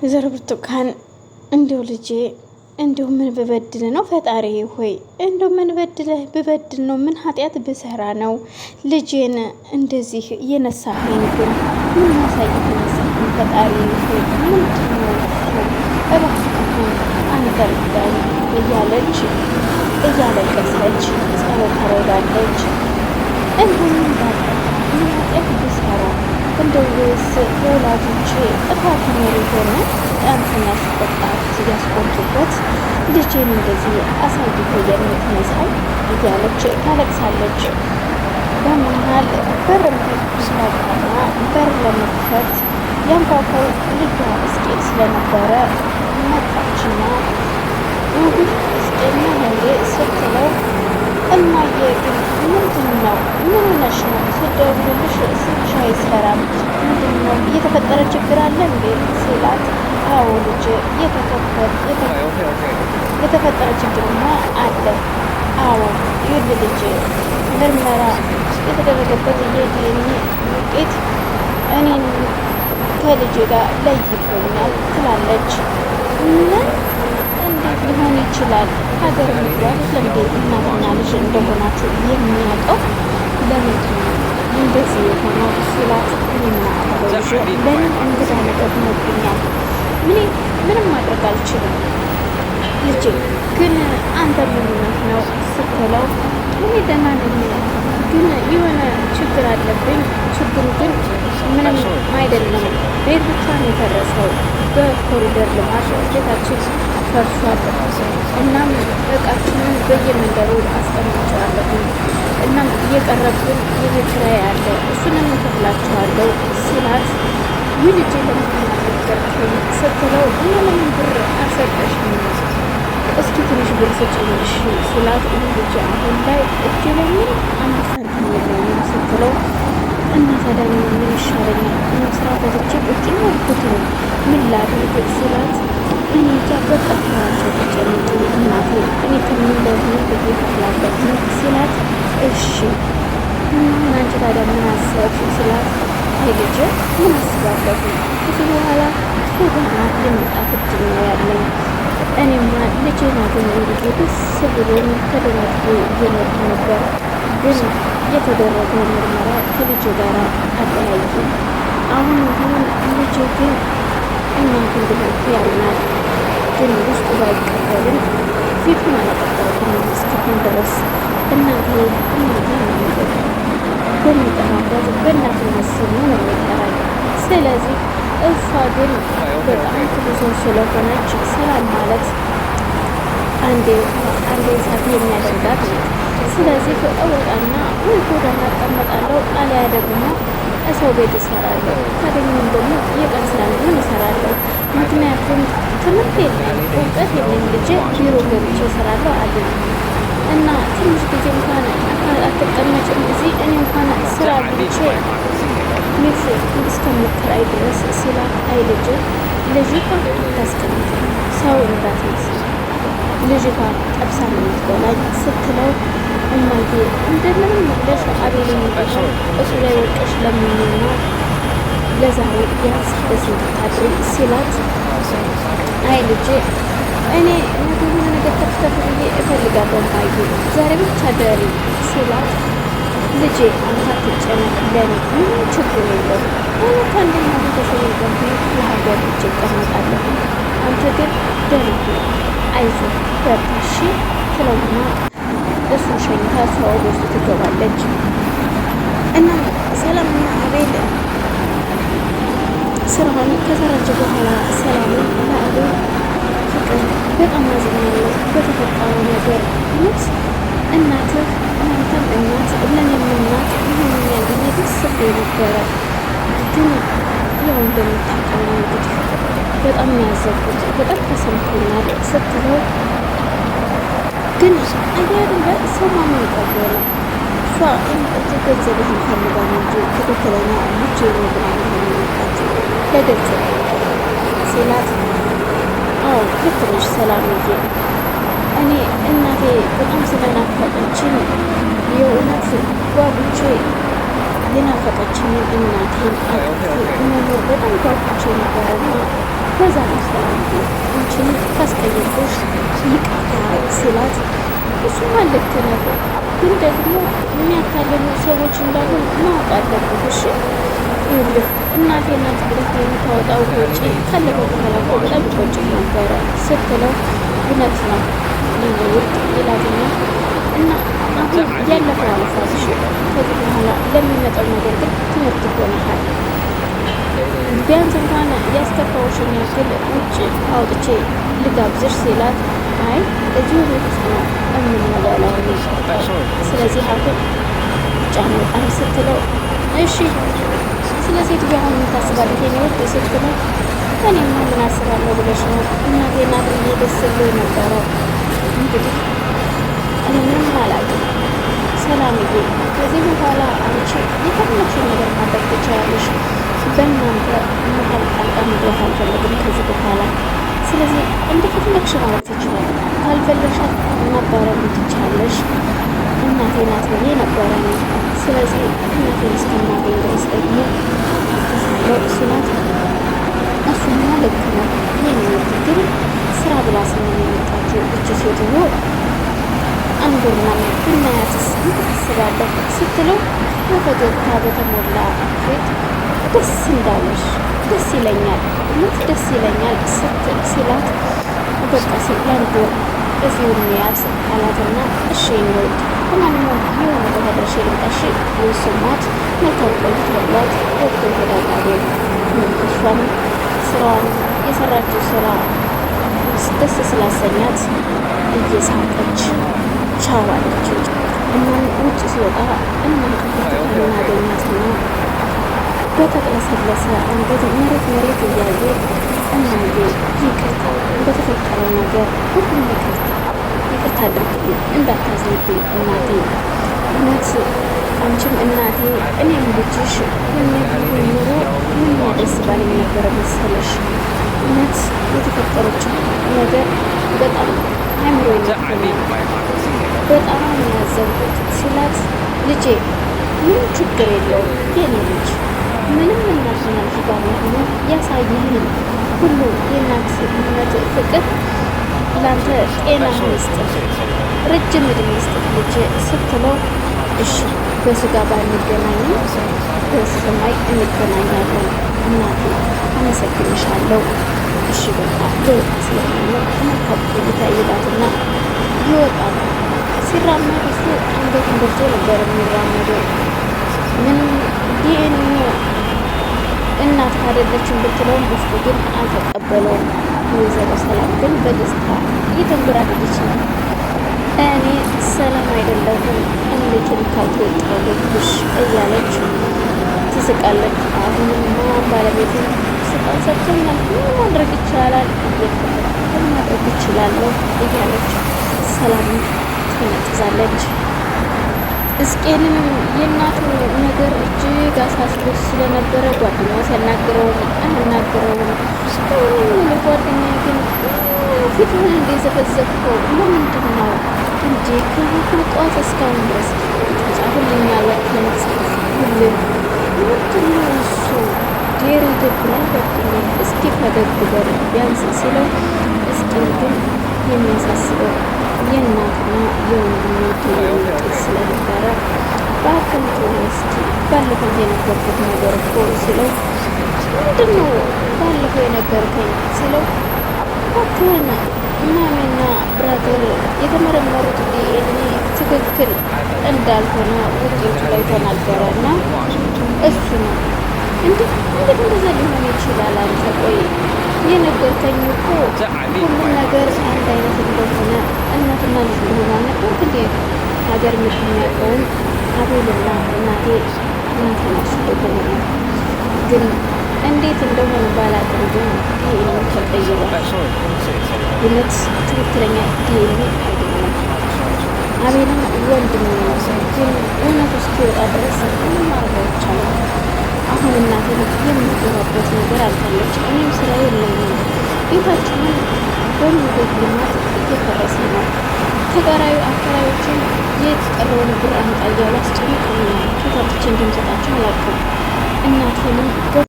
ወይዘሮ ብርቱካን እንዲው ልጄ እንዲሁ ምን ብበድል ነው ፈጣሪ ሆይ፣ እንዲሁ ምን በድለ ብበድል ነው ምን ኃጢአት ብሰራ ነው ልጄን እንደዚህ የነሳኸኝ? ግን ምን ማሳየት የነሳኸኝ ፈጣሪ ሆይ ምንድን ነው እባክህን እያለች እያለቀሰች ጸሎት ታደርጋለች። እንዲሁ ምን ኃጢአት ብሰራ እንደውስ የወላጆች ጥፋት ኖሮ ሆነ ትናንትና ሲቆጣት ያስቆጡበት ልጄን እንደዚህ አሳይቶ የምትነሳው እያለች ታለቅሳለች። በመሀል በር ምትኩስ መጣና በር ለመክፈት ያንኳኳው ልጇ እስቄ ስለነበረ መጣችና እንግዲህ እስቄል ሄ ስትለው እማዬ ግን ምንድን ነው ምን ነሽ ነው ስደውልልሽ ስልክሽ አትፈራም። ምንድነው እየተፈጠረ ችግር አለ እንዴ ሲላት፣ አዎ ልጅ የተፈጠረ ችግርማ አለ። አዎ ይሁን ልጅ ምርመራ የተደረገበት የዲኤንኤ ውጤት እኔን ከልጅ ጋር ለይቶኛል ትላለች። ምን እንዴት ሊሆን ይችላል? ሀገር ምግባት ለምደ እናትና ልጅ እንደሆናችሁ የሚያውቀው ለምንድን ነው እንደዚህ የሆነው ሲላት ለምን እንግዳ ነገር ሆኖብኛል? ምን ምንም ማድረግ አልችልም ልጅ ግን አንተ ምንነት ነው ስትለው እኔ ደህና ነኝ፣ ግን የሆነ ችግር አለብኝ። ችግሩ ግን ምንም አይደለም። ቤት ብቻ ነው የፈረሰው። በኮሪደር ልማት ቤታችን ፈርሷል። እናም እቃችንን በየመንደሩ አስቀምጨዋለሁ እናም እየቀረብን የቤት ኪራይ አለ እሱንም እንከፍላችኋለሁ ሲላት ይህ ልጅ ስትለው ብር አልሰጠሽም እስኪ ትንሽ ብር ስጭኝሽ ሲላት ይህ ልጅ አሁን ላይ እጅ ስትለው እና ታዲያ ምን ይሻለኛል? ስራ በትቼ ቁጭ ያልኩት ነው ምን ላድርግ ሲላት እኔ እንጃ እናቴ እኔ ብዬ ነው እሺ አንቺ ታዲያ ምን አሰብሽ ስላት አይ ልጄ ምን አስባለሁ እዚህ በኋላ ሆና ልምጣት እድል ነው ያለኝ እኔማ ልጄ ናገኘ ልጄ ደስ ብሎኝ ተደናግጬ እየኖርኩ ነበር ግን የተደረገው ምርመራ ከልጅ ጋር አጠያይም አሁን ቢሆን ልጄ ግን እናት እንድመቱ ያልናል ግን ውስጡ ባይቀበልም ፊቱን አላቀጠልኩም እስካሁን ድረስ እናቴ በሚጠራበት በእናት መስሉ ነው የሚጠራል። ስለዚህ እሷ ግን በጣም ትብሶ ስለሆነች ሰላም ማለት አንዴ ሳት የሚያደርጋት ነው። ስለዚህ እወጣና ወይ ጎዳና እቀመጣለሁ አሊያ ደግሞ ሰው ቤት እሰራለሁ፣ ካገኘሁም ደግሞ የቀን ስራ ቢሆን እሰራለሁ። ምክንያቱም ትምህርት የለም እውቀት የለም። ልጄ ቢሮ ገብቼ እሰራለሁ አለ እና ትንሽ ጊዜ እንኳን አትቀመጭም እዚህ እኔ እንኳን ስራ ብቼ ሚሹ እስከምከራይ ድረስ ስላት፣ አይ ልጅ ልጅቷ ታስቀምጥ ሰው እንዳትመስል ልጅቷ ጠብሳ ነው የምትበላኝ ስትለው እማዬ እንደምንም ብለሽ አቤል የሚበላው እሱ ላይ ወቀሽ ለምንና ለዛሬ ያስ በስንት ታድሪ ሲላት፣ አይ ልጄ እኔ የሆነ ነገር ተፍተፍ ብዬ እፈልጋለሁ ማየ ዛሬ ብቻ ደሪ ሲላት፣ ልጄ አንተ አትጨነቅ፣ ለኔ ምንም ችግር የለው እውነት አንደኛ ቤተሰብ ገብ ለሀገር ብቻ ይቀመጣለሁ። አንተ ግን ደሪ አይዞህ በርታሽ ትለውና እሱ ሸኝታ እሷ ወደ ውስጥ ትገባለች እና ሰላምና አቤል ስራውን ከሰራች በኋላ ሰላምን ለአቤል ፍቅር በጣም አዝናለሁ በተፈጠረው ነገር ሞት እናትህ እናንተም እናት ለኔም እናት ይሆንኛል ብዬ ደስ ብሎኝ ነበረ። ግን ያው እንደምታውቀው እንግዲህ በጣም ያዘንኩት በጣም ተሰምቶኛል ስትለው ግን አያድን በሰው ማመን ቀበለ እሷ የምጠቸው ገንዘብህን ፈልጋ ነው እንጂ ትክክለኛ ልጅ ነው ለገንዘብ ሲላት ያው ልክ ነሽ ሰላምዬ። እኔ እናቴ በጣም ስለናፈቀችኝ የእውነት ጓጉቼ የናፈቀችኝን እናቴን መኖር በጣም ጓጉቼ ነበረና በዛ ነው ሰላምዬ፣ አንቺን ካስቀየምኩሽ ይቅርታ ስላት እሱማ ልክ ነበር፣ ግን ደግሞ የሚያታልሉ ሰዎች እንዳሉ ማወቅ አለብሽ። ይኸውልህ እናቴና ትግረት የምታወጣው ከውጭ ካለፈው በኋላ እኮ በጣም ከውጭ ነበረ ስትለው እውነት ነው ውድ ይላትና እና አሁን ያለፈው አልፋዝሽ ከዚህ በኋላ ለሚመጣው ነገር ግን ትምህርት ይሆናል። ቢያንስ እንኳን ያስተፋዎሽን ያክል ውጭ አውጥቼ ልጋብዝሽ ሲላት አይ እዚሁ ቤት ነው የምንበላው፣ ስለዚህ አሁን ጫ በጣም ስትለው እሺ ስለ ሴት ቢሆን የምታስባለት የሚወድ ሴት ብለ እኔማ ምን አስባለሁ ብለሽ ነው እናቴ ናት ብዬ ደስ ብሎ ነበረው። እንግዲህ እኔ ምንም አላውቅም ሰላምዬ። ከዚህ በኋላ አንቺ የፈለግሽውን ነገር ማድረግ ትችያለሽ። በእናንተ መሀል ጣልቃ መግባት አልፈልግም ከዚህ በኋላ። ስለዚህ እንደፈለግሽ ማለት ትችላለሽ። ካልፈለሻት ማባረር ትችላለሽ እናቴ ናት ብዬ ነበረ ነው። ስለዚህ እናቴን እስከማገኝ ድረስ ደግሞ እሱ ናት እሱና ልክ ነው የሚመት ግን ስራ ብላ ስለሚመጣቸው እች ሴትዮ አንዱና ብናያትስ ታስባለህ ስትለው በፈገግታ በተሞላ ፊት ደስ እንዳለሽ ደስ ይለኛል፣ ምት ደስ ይለኛል ስትል ሲላት በቃ ሲል ያንዱ እዚህ ወደ ያዝ አላትና እሺ የሚለው ለማንኛውም የሆነ ቦታ ደርሼ ልምጣሽ የሱማት መልካም ቆይት በሏት። ወቅቱን ተዳዳሪ እሷም ስራዋን የሰራችው ስራ ደስ ስላሰኛት እየሳቀች ቻዋለች አለችው። እናም ውጭ ሲወጣ እናም እናገኛትና በተቅለሰለሰ አንገት መሬት መሬት እያየ ጽናንዴ ይቅርታ፣ በተፈጠረው ነገር ሁሉም ይቅርታ ይቅርታ አድርግልኝ፣ እንዳታዘንብኝ እናቴ። እውነት አንቺም እናቴ እኔም ልጅሽ የሚያደርጉኝ ኑሮ ምን ያደስ ባል የነበረ መሰለሽ። እውነት የተፈጠረችው ነገር በጣም አይምሮ በጣም የሚያዘንቡት ስላት፣ ልጄ ምን ችግር የለውም የኔ ልጅ ምንም እናትና ልጅ መሆኑ ያሳይህን ሁሉ የእናት ፍቅር ለአንተ ጤና ይስጥህ፣ ረጅም ዕድሜ ይስጥህ ልጅ ስትለው እሺ በስጋ ባንገናኝም በሰማይ እንገናኛለን እናቴ አመሰግንሻለሁ። እሺ በቃ ስለሆነ መልካም ቆይታ ይላትና ይወጣል። ሲራመድ እሱ አንገቱን ደርቶ ነበር የሚራመደው ምን ዲኤንኤ እናት ካደለችን ብትለውም ውስጡ ግን አልተቀበለውም። ወይዘሮ ሰላም ግን በደስታ እየተንጎራደደች ነው። እኔ ሰላም አይደለሁም እንዴትን ካልተወጣሁልሽ እያለች ትስቃለች። አሁንማ ባለቤትን ስቃን ሰጥቶኛል፣ ምን ማድረግ ይቻላል? ምን ማድረግ ይችላለሁ? እያለች ሰላም ትነጥዛለች። እስቄንም የእናቱ ስለነበረ ጓደኛ ሲያናግረውም አልናግረውም ስሆን ጓደኛ ግን ፊትህን እንደዘፈዘፍከው ለምንድን ነው እንጂ ከሁሉ ጠዋት እስካሁን ድረስ ተጻፉልኛል ሁልን ምንድነው እሱ ዴሪ ይደብራል ጓደኛ እስኪ ፈገግ በል ቢያንስ ሲለው እስኪ ግን የሚያሳስበው የእናትና የወንድሞቱ ውጤት ስለነበረ በአክም እስኪ ባለፈው የነገርኩት ነገር እኮ ስለው ምንድን ነው ባለፈው የነገርከኝ ስለው ባክህን ማሚና ብራዘር የተመረመሩት ዲኤንኤ ትክክል እንዳልሆነ ውጤቱ ላይ ተናገረ እና እሱ ነው እንዴት እንዴት እንደዛ ሊሆን ይችላል አንተ ቆይ የነገርከኝ እኮ ሁሉም ነገር አንድ አይነት እንደሆነ እናትና ልጅ እንደሆነ አልነበር እንዴ ሀገር ምክንያቀውን አቤልላ እናቴ እናቴ ናት ግን እንዴት እንደሆነ ባላውቅም ግን ይሄኔ ተቀይሯል። እውነት ትክክለኛ ይሄኔ አቤልም ወንድም ነው፣ ግን እውነት እስኪወጣ ድረስ ምንም ማድረግ አይቻልም። አሁን እናቴ የምትገባበት ነገር አልታለች። እኔም ስራ የለኝም ቤታችንን በምንጎት ልማት እየፈረሰ ነው። ተጋራዊ አከራዮችን የት ቀረውን ብር አምጣ እያሉ አስጨንቀው ነው። ከታጥቼ እንደምሰጣቸው አላውቅም እናቴንም